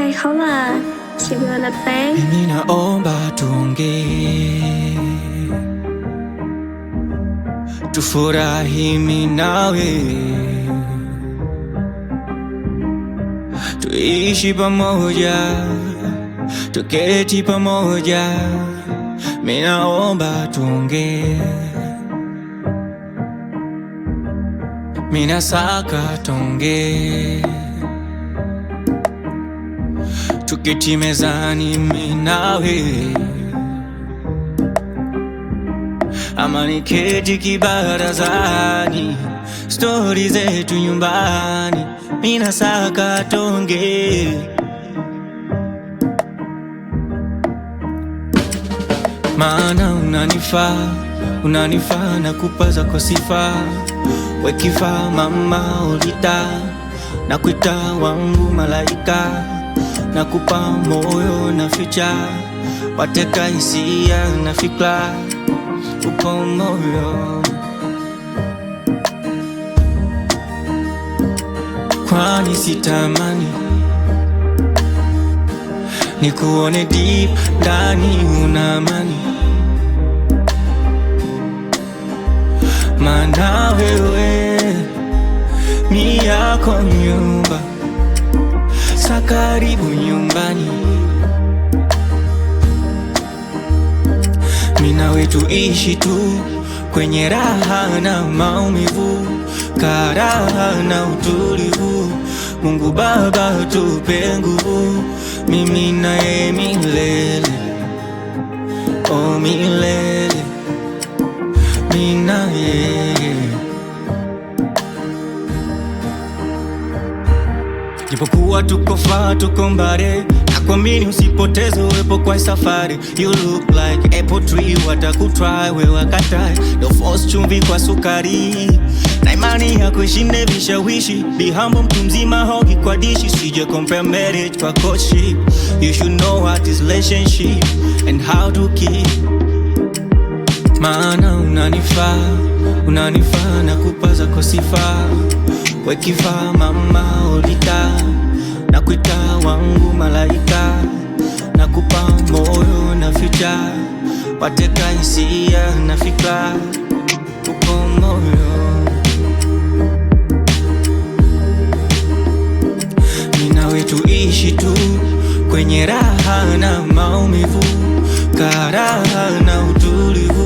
Hai homa, mimi naomba tuongee, tufurahi mimi tuishi pamoja, tuketi pamoja, mimi naomba tuongee, mimi nasaka tuongee tuketi mezani minawe ama niketi kibarazani, stori zetu nyumbani, mina saka tonge maana unanifaa, unanifaa na kupaza kwa sifa wekifaa mama ulita na kuita wangu malaika na kupa moyo na ficha, wateka hisia na fikra, upo moyo kwani sitamani nikuone deep ndani una amani, maana wewe mi nyumba sasa karibu nyumbani, mimi tuishi tu kwenye raha na maumivu, karaha na utulivu. Mungu Baba tupe nguvu, mimi na milele, o oh, milele, mimi na yeye Nipokuwa tuko far, tuko mbali, nakuamini usipoteze uwepo kwa safari. You look like apple tree, watakutry we wakatai. No force chumvi kwa sukari na imani ya visha wishi Be humble, mtu mzima hogi kwa dishi. Sije compare marriage kwa courtship. You should know what is relationship and how to keep. Maana unanifaa, unanifaa na kupaza kwa sifaa wekifa mama olita na kuita wangu malaika na kupa moyo na ficha wateka hisia na fikra uko moyo ninawe ishi tu kwenye raha na maumivu karaha na utulivu